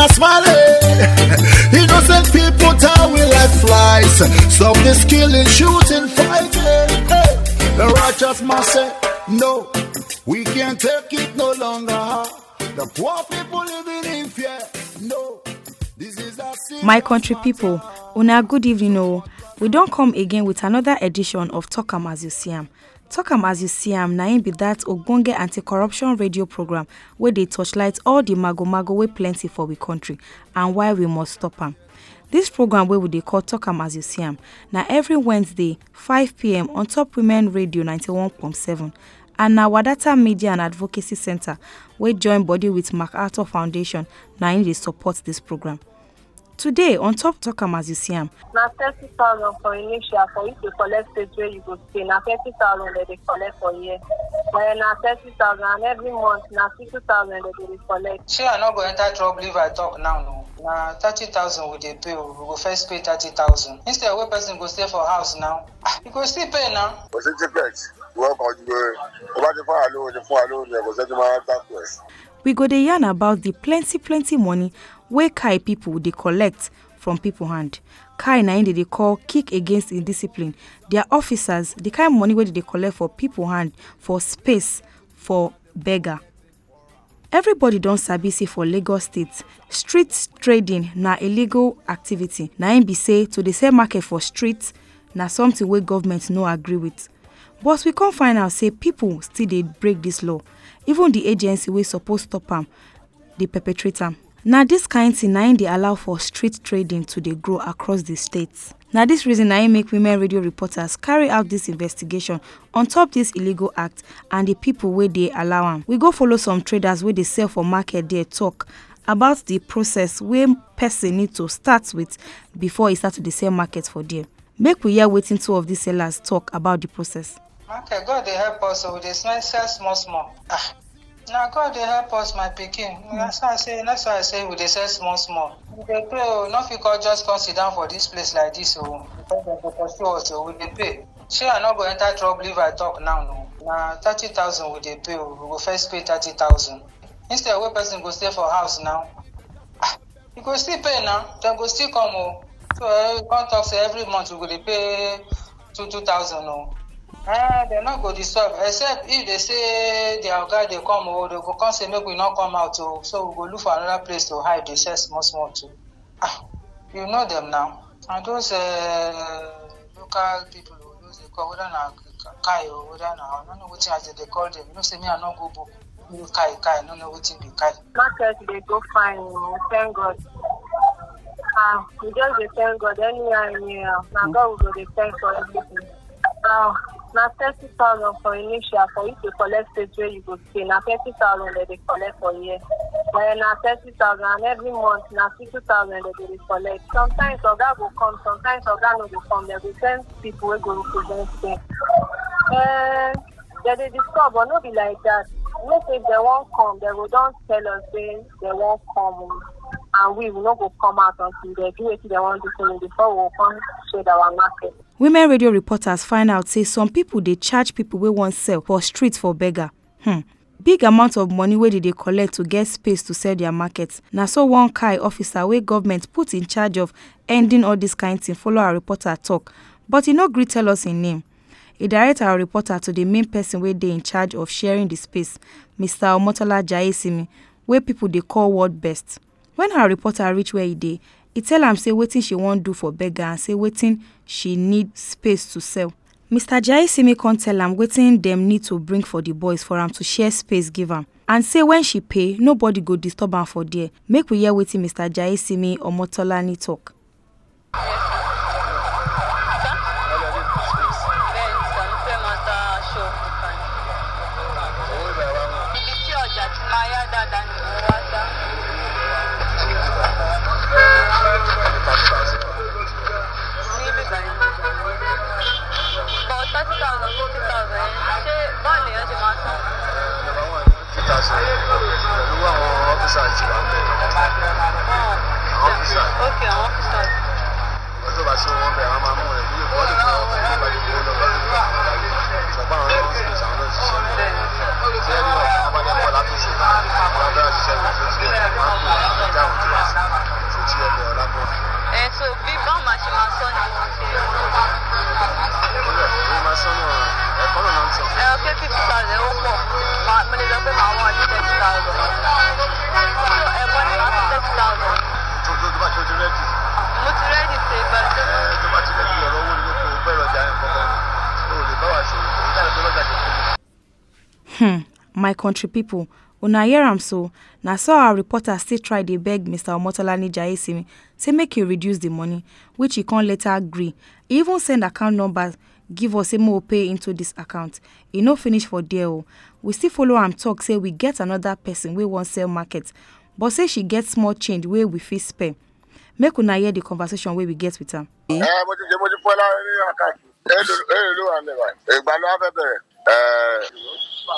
Eh? Innocent people like flies. Some is killing, shooting, fighting. Hey, eh? the righteous must say, No, we can't take it no longer. The poor people living in fear. No. My country people, una good evening. Oh, we don't come again with another edition of Talk Am As You See Am. Talk am as you see am na im be anti-corruption radio program where they torchlight all the mago-mago we plenty for we country, and why we must stop am. This program wey we dey call Talk am as you see am na every Wednesday 5pm on top Women Radio 91.7 and na Wadata Media and Advocacy Centre where join body with MacArthur Foundation na im dey support program. Today, on top talk am as you see am. Na thirty thousand for initial for you to collect place where you go stay. Na thirty thousand dem dey collect for year. Well, na thirty thousand and every month na fifty thousand dem dey collect. Shey I no go enter trouble if I talk now no. na thirty thousand we dey pay o oh. we go first pay thirty thousand instead wey person go stay for house now you ah, go still pay now. kò sí tíkẹ́ẹ̀tì wọ́n kàn ju pé o bá ti fún àlóhùn ti fún àlóhùn ẹ̀ kò sẹ́ni máa ń tàkùn we go dey yarn about the plenty plenty money wey kai pipo dey collect from pipo hand. kai na im dem dey call kick against indiscipline dia officers di kind money wey dem dey collect for pipo hand for space for beggar. everybody don sabi say for lagos state street trading na illegal activity na im be say to dey sell market for street na something wey government no agree with but we come find out say people still dey break this law even the agency wey suppose stop am dey perpetrate am na dis kain tin na im allow for street trading to they grow across the states. na this reason na make women radio reporters carry out this investigation on top this illegal act and the people where they allow them. we go follow some traders where they sell for market dia talk about the process where person need to start with before he start to the sell market for dia make we hear waiting two of these sellers talk about the process. market god dey help us o oh, we dey sell small small ah na god dey help us my pikin hmm. that's why i say that's why i say we dey sell small small we dey pay. o oh, no fit come just come sit down for dis place like dis o oh. because dem go pursue us o oh, we dey pay shey i no go enter trouble if i talk now no na thirty thousand we dey pay o we go first pay thirty thousand instead wey person go stay for house now you ah, go still pay now dem go still come o so uh, come talk say every month we go dey pay two two thousand o Uh, dem no go disturb except if they say their guy, dey come o they go come say make we no come out o so we go look for another place to hide dey sell small small too ah you know them now and those uh, local people wey those dey call whether na kai or whether na i no know wetin as they dey call them. you know say me i no go book you kai kai i no know wetin be kai. market dey go fine o thank god ah we just dey thank god anyhow anyhow na god we go dey thank for everything. Ah na thirty thousand for initial for you to collect state wey you go stay na thirty thousand dem dey collect for year well eh, na thirty thousand and every month na fifty thousand dem dey collect sometimes oga go come sometimes oga no go come dem go send people wey go represent them um, eh, dem dey disturb but no be like that make say dem wan come dem go don tell us say dem wan come and we we no go come out until dem do wetin dem wan do to me before we go come shade our market women radio reporters find out say some people they charge people wey wan sell for street for beggar um big amount of money wey dey they collect to get space to sell their market na so one kai officer wey government put in charge of ending all this kind thing. follow our reporter talk, but he no gree tell us im name He direct our reporter to the main person where they in charge of sharing the space mr omotola jaesimi where people they call world best When our reporter reach where he. dey e tell am say wetin she wan do for berger and say wetin she need space to sell mr jai simi come tell am wetin dem need to bring for di boys for am to share space give am and say wen she pay nobody go disturb am for there make we hear wetin mr jai simi omotolani tok my country people, una hear am so na so our reporter still try dey beg mr omotolani jaesimi say make e reduce the money which he come later gree He even send account numbers give us say make we pay into this account e no finish for there o oh. we still follow am talk say we get another person wey wan sell market but say she get small change wey we fit spare make una hear di conversation wey we get with am. ẹ eh, mo ti mo ti fọlá ní àkàkì èlò èlò àmì wa ìgbà ló wá fẹ́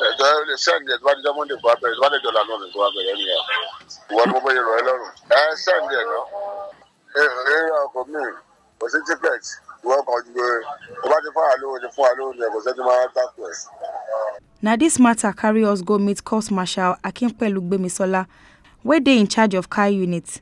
ẹjọ lè sẹ́ǹdì ẹ̀dùn adijọ́ mọ́ndé bọ́ abẹ́rẹ́ ẹ̀dùn adijọ́ lànà ọ̀nà ìgbọ́ abẹ́rẹ́ ẹ̀mí ẹ̀ wọ́n ní mo bẹ́ lọ ẹ lọ́rùn ẹ sẹ́ǹdì ẹ̀ náà eré ọkọ̀ mi kò sí ticket wọ́n kàn ju ọ bá ti fún wa lóhùn ti fún wa lóhùn ẹ̀ kò sẹ́ni máa dákú ẹ̀. na dis matter carry us go meet court marshal akinpelu gbemisola wey dey in charge of car units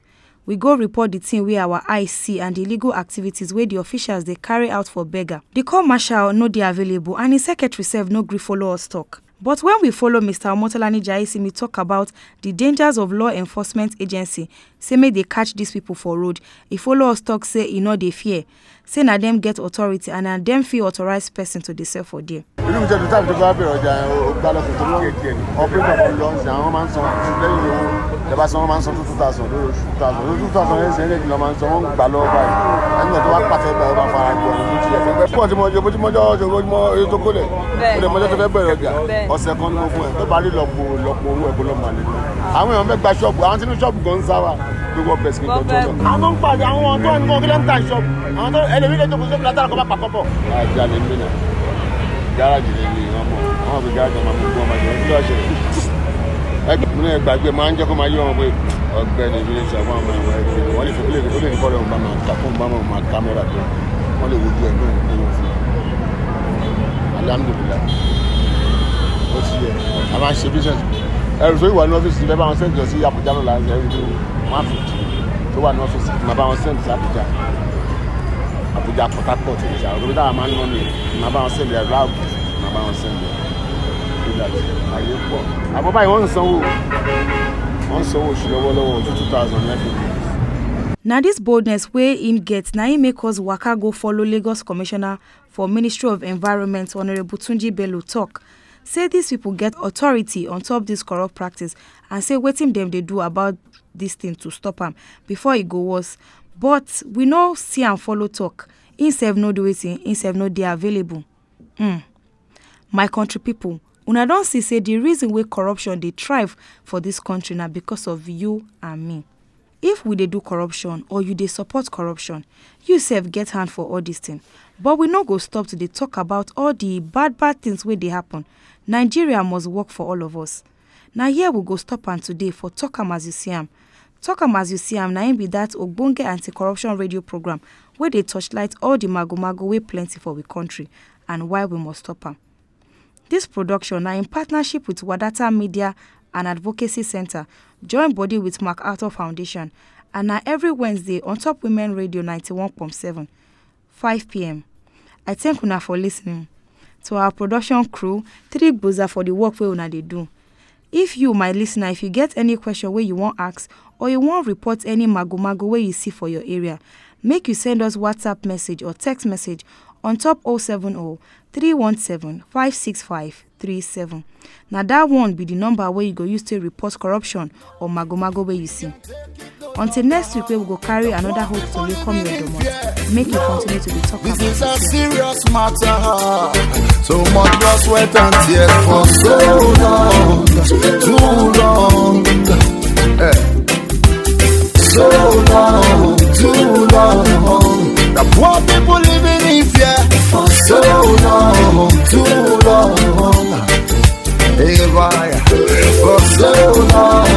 we go report di tin wey our eye see and di illegal activities wey the officials dey carry out for berger The court martial no dey available and im secretary sef no gree follow us tok But when we follow Mr. Omotolani Jaisimi talk about the dangers of law enforcement agency, say make they catch these people for road, he follow us talk say e no dey fear, say na dem get authority and na dem fit authorize person to dey sell for there. Irú mi jẹ́ tuntun àti bá bẹ̀rẹ̀ ọjà ọgbà lọ́sọ̀tún lókè díẹ̀, ọ̀pẹ̀tọ̀ ọ̀lọ́ọ̀sẹ̀ àwọn máa ń san lẹ́yìn owó ìjọba sọ wọn máa ń san two thousand lórí two thousand lórí two thousand ẹsẹ̀ ẹ̀rẹ́ ìlú máa ń san wọn gbà lọ́wọ́ báyìí ẹni tó bá pàṣẹ gbà ọba fara jọ ní ti ẹ̀fẹ́ bẹ́ẹ̀. pọ̀ tí mo jẹ bójú mọ́jọ́ ojoojúmọ́ oye tó kólẹ̀ ó lè mọ́jọ́ tó fẹ́ bẹ̀rẹ̀ ọjà ọ̀sẹ̀ kan ní fún ẹ̀ tó bá rí lọ́pọ̀ lọ́pọ̀ owó ẹ̀kọ́ lọ́mọ àlejò àwọn èèyàn mẹ́gbà ṣọ́ọ̀bù àwọn tí ṣọ́ọ̀bù gan ń sáwà gbogbo ọbẹ̀ sí gbogbo ọjọ́ àwọn tó àwọn tó ń mọ kí ń ta ṣọ́ọ̀bù àwọn tó ẹlẹ́mìí lè tó kó látara kó bá pàkọ́ lè mí nà gáràjì lè mí ọmọ àwọn òbí gáràjì ọmọ àbúgbò ọmọ ìjọba ìjọba ìṣẹ̀lẹ̀ mo ní gbàgbé máa ń jẹ́ kó máa yé wọn pé ọ̀gbẹ́ni ilé iṣẹ́ àwọn ọmọ ẹ̀wọ̀n ẹ̀kẹ́ wọ́n lè fi ó lè ó lè ní kọ́lẹ̀ ọ̀gbà máa ta fún bámọ̀ máa kámẹ́rà tó wọ́n lè wojú ẹ̀ náà ní ìyẹn fún alhamdulillah ó ti yẹ a máa ṣe business ẹrù tó ìwà ní ọ́fíìsì bẹ́ẹ̀ bá wọn sẹ́ǹtì sí Àbújá lọ́la ẹrù tó wọ́n fi tó wà ní ọ́fíìsì máa bá wọn sẹ́ǹtì sí Àbújá Àbújá Port Harcourt ìjà òkúta máa ń nọ́ ni máa bá wọn sẹ́ǹtì ẹ̀rọ àbùjá máa bá àyè pọ̀ àmọ́ báyìí wọ́n ń sanwó wọ́n ń sanwó oṣù lọ́wọ́lọ́wọ́ oṣù two thousand every na dis boldness wey im get na im make us waka go follow lagos commissioner for ministry of environment honourable tunji bello talk. say dis pipo get authority on top dis corrupt practice and say wetin dem dey do about dis thing to stop am before e go worse but we no see am follow talk. im sef no do wetin im sef no dey available. Mm. my country people. una don see say reason wey corruption dey thrive for dis country na because of you and me if we dey do corruption or you dey support corruption you sef get hand for all dis thing. but we no go stop to dey talk about all the bad bad things wey dey happen nigeria must work for all of us na here we go stop am today for talk am as you see am tok am as you see am na im be dat ogbonge anti-corruption radio programme wey dey torchlight all di magomago wey plenty for we country and why we must stop am This production now in partnership with Wadata Media and Advocacy Centre join body with MacArthur Foundation and now every Wednesday on top Women Radio 91.7 5pm. I thank una for listening To our production crew, three gboza for the work we una they do. If you my listener, if you get any question where you want ask or you want report any magomago where you see for your area, make you send us WhatsApp message or text message on top 070 317 565 37 na dat one be the number where you go use to report corruption or magomago where you see until next week wey we go carry another hope tori come your domot make you continue to be talk about this is a serious matter so much blood sweat and tears for so long too long. Eh. slow, Lord.